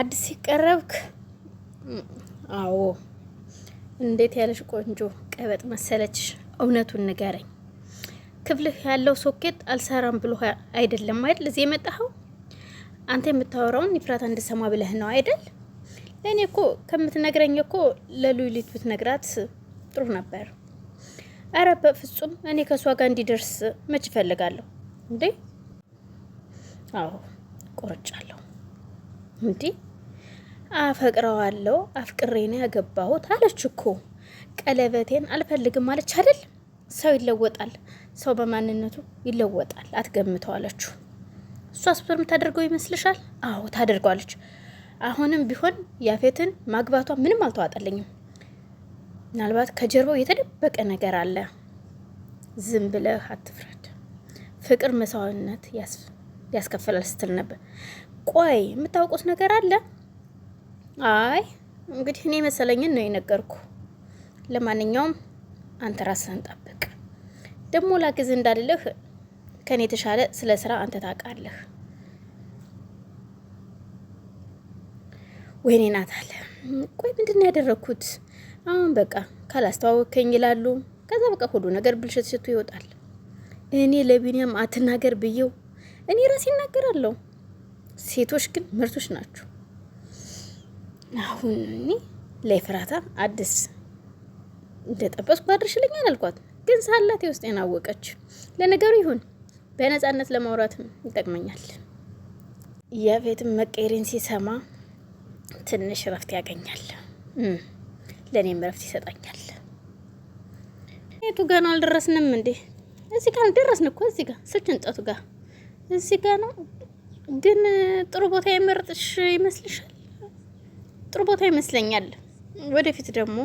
አዲስ ሲቀረብክ አዎ እንዴት ያለሽ ቆንጆ ቀበጥ መሰለችሽ። እውነቱን ንገረኝ፣ ክፍልህ ያለው ሶኬት አልሰራም ብሎ አይደለም አይደል እዚህ የመጣኸው? አንተ የምታወራውን ይፍራት እንድሰማ ብለህ ነው አይደል? ለእኔ እኮ ከምትነግረኝ እኮ ለሉሊት ብትነግራት ጥሩ ነበር። አረ በፍጹም እኔ ከእሷ ጋር እንዲደርስ መች እፈልጋለሁ እንዴ? አዎ ቆርጫለሁ። እንዲ አፈቅረዋለሁ አፍቅሬን ያገባሁት አለች እኮ። ቀለበቴን አልፈልግም አለች አይደል? ሰው ይለወጣል። ሰው በማንነቱ ይለወጣል። አትገምተው አለችሁ እሷ ስብርም ታደርገው ይመስልሻል? አዎ ታደርገዋለች። አሁንም ቢሆን ያፌትን ማግባቷ ምንም አልተዋጠልኝም። ምናልባት ከጀርባው የተደበቀ ነገር አለ። ዝም ብለህ አትፍረድ። ፍቅር መስዋዕትነት ያስፍ ያስከፍላል ስትል ነበር። ቆይ የምታውቁት ነገር አለ? አይ እንግዲህ እኔ መሰለኝን ነው የነገርኩ። ለማንኛውም አንተ ራስህን ጠብቅ። ደግሞ ላግዝ እንዳልልህ ከኔ የተሻለ ስለ ስራ አንተ ታውቃለህ። ወይኔ አለ። ቆይ ምንድን ነው ያደረግኩት? አሁን በቃ ካላስተዋወቅከኝ ይላሉ። ከዛ በቃ ሁሉ ነገር ብልሽት ሽቱ ይወጣል። እኔ ለቢኒያም አትናገር ብዬው እኔ ራሴ እናገራለሁ። ሴቶች ግን ምርቶች ናቸው። አሁን እኔ ለፍራታ አዲስ እንደጠበስኩ አድርሽልኝ አልኳት። ግን ሳላት የውስጥ ያናወቀች። ለነገሩ ይሁን በነጻነት ለማውራትም ይጠቅመኛል። የቤትም መቀየሬን ሲሰማ ትንሽ እረፍት ያገኛል፣ ለእኔም እረፍት ይሰጣኛል። የቱ ጋር ነው አልደረስንም እንዴ? እዚህ ጋር ደረስን እኮ እዚህ ጋር ስልች እንጠቱ ጋር እዚህ ጋ ነው። ግን ጥሩ ቦታ የመረጥሽ ይመስልሻል? ጥሩ ቦታ ይመስለኛል። ወደፊት ደግሞ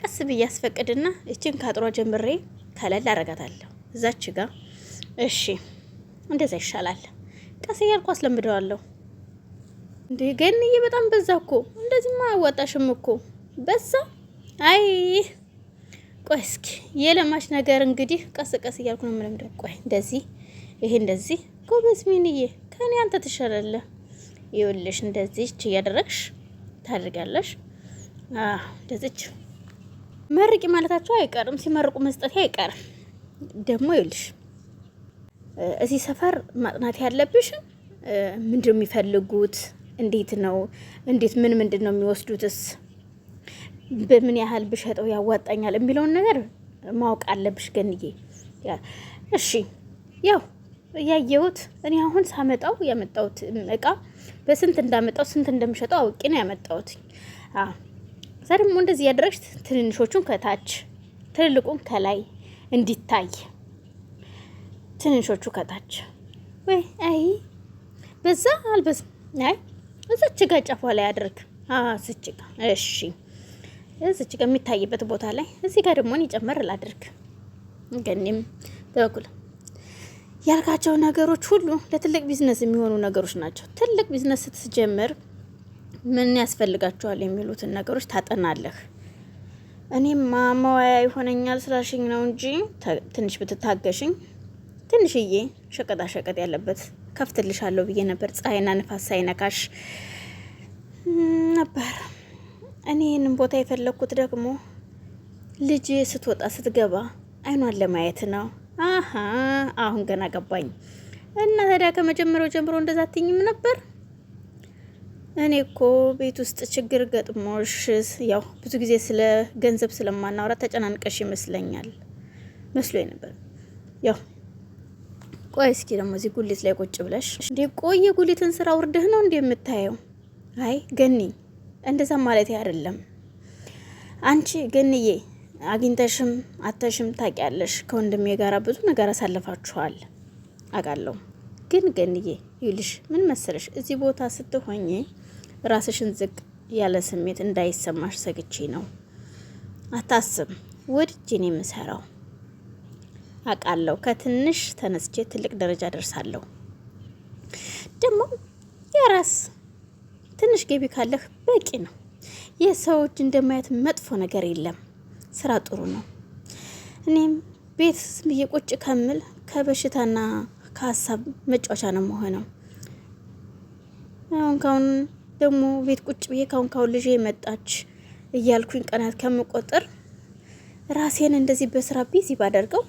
ቀስ ብዬ አስፈቅድና እችን ካጥሯ ጀምሬ ከለል አረጋታለሁ እዛች ጋ። እሺ እንደዛ ይሻላል። ቀስ እያልኩ አስለምደዋለሁ። እንዴ ገንዬ፣ በጣም በዛ እኮ። እንደዚህማ አያዋጣሽም እኮ በዛ። አይ ቆይ እስኪ የለማች ነገር እንግዲህ ቀስ ቀስ እያልኩ ነው የምለምደው። ቆይ እንደዚህ፣ ይሄ እንደዚህ ጎበዝ ሚንዬ ከኔ አንተ ትሻላለ። ይኸውልሽ እንደዚች እያደረግሽ ታድርጋለሽ። እንደዚች መርቂ ማለታቸው አይቀርም፣ ሲመርቁ መስጠት አይቀርም። ደግሞ ይኸውልሽ እዚህ ሰፈር ማጥናት ያለብሽ ምንድነው የሚፈልጉት? እንዴት ነው እንዴት ምን ምንድን ነው የሚወስዱትስ? በምን ያህል ብሸጠው ያዋጣኛል የሚለውን ነገር ማወቅ አለብሽ ገንዬ። እሺ ያው ያየሁት እኔ አሁን ሳመጣው ያመጣሁት እቃ በስንት እንዳመጣው ስንት እንደምሸጠው አውቄ ነው ያመጣሁት። እዛ ደግሞ እንደዚህ ያደረግሽ ትንንሾቹን ከታች ትልልቁን ከላይ እንዲታይ ትንንሾቹ ከታች ወይ አይ በዛ አልበስ አይ እዛች ጋ ጫፏ ላይ አድርግ። እዚች ጋ እሺ፣ እዚች ጋ የሚታይበት ቦታ ላይ እዚህ ጋር ደግሞ እኔ ጨመር ላድርግ ገኒም በኩል ያልካቸው ነገሮች ሁሉ ለትልቅ ቢዝነስ የሚሆኑ ነገሮች ናቸው። ትልቅ ቢዝነስ ስትጀምር ምን ያስፈልጋቸዋል የሚሉትን ነገሮች ታጠናለህ። እኔም ማማዋያ ይሆነኛል ስላሽኝ ነው እንጂ ትንሽ ብትታገሽኝ ትንሽዬ ሸቀጣ ሸቀጥ ያለበት ከፍትልሻለሁ ብዬ ነበር። ፀሐይና ንፋስ ሳይነካሽ ነበር። እኔ ቦታ የፈለግኩት ደግሞ ልጅ ስትወጣ ስትገባ አይኗን ለማየት ነው። አሀ አሁን ገና ገባኝ። እና ታዲያ ከመጀመሪያው ጀምሮ እንደዛ አትይኝም ነበር? እኔ እኮ ቤት ውስጥ ችግር ገጥሞሽ ያው ብዙ ጊዜ ስለ ገንዘብ ስለማናወራ ተጨናንቀሽ ይመስለኛል መስሎ ነበር። ያው ቆይ እስኪ ደግሞ እዚህ ጉሊት ላይ ቁጭ ብለሽ እንዴ ቆየ ጉሊትን ስራ ውርደህ ነው እንዴ የምታየው? አይ ገኒ እንደዛ ማለት አይደለም። አንቺ ገንዬ አግኝተሽም አተሽም ታውቂያለሽ። ከወንድሜ ጋር ብዙ ነገር አሳልፋችኋል አውቃለሁ። ግን ገንዬ ይልሽ ምን መሰለሽ፣ እዚህ ቦታ ስትሆኝ ራስሽን ዝቅ ያለ ስሜት እንዳይሰማሽ ሰግቼ ነው። አታስብ፣ ወድጄ ነው የምሰራው አውቃለሁ። ከትንሽ ተነስቼ ትልቅ ደረጃ ደርሳለሁ። ደግሞ የራስ ትንሽ ገቢ ካለህ በቂ ነው። የሰው እጅ እንደማየት መጥፎ ነገር የለም። ስራ ጥሩ ነው። እኔም ቤት ብዬ ቁጭ ከምል ከበሽታና ከሀሳብ መጫወቻ ነው መሆነው። አሁን ካሁን ደግሞ ቤት ቁጭ ብዬ ካሁን ካሁን ልጄ የመጣች እያልኩኝ ቀናት ከምቆጥር ራሴን እንደዚህ በስራ ቢዚ ባደርገው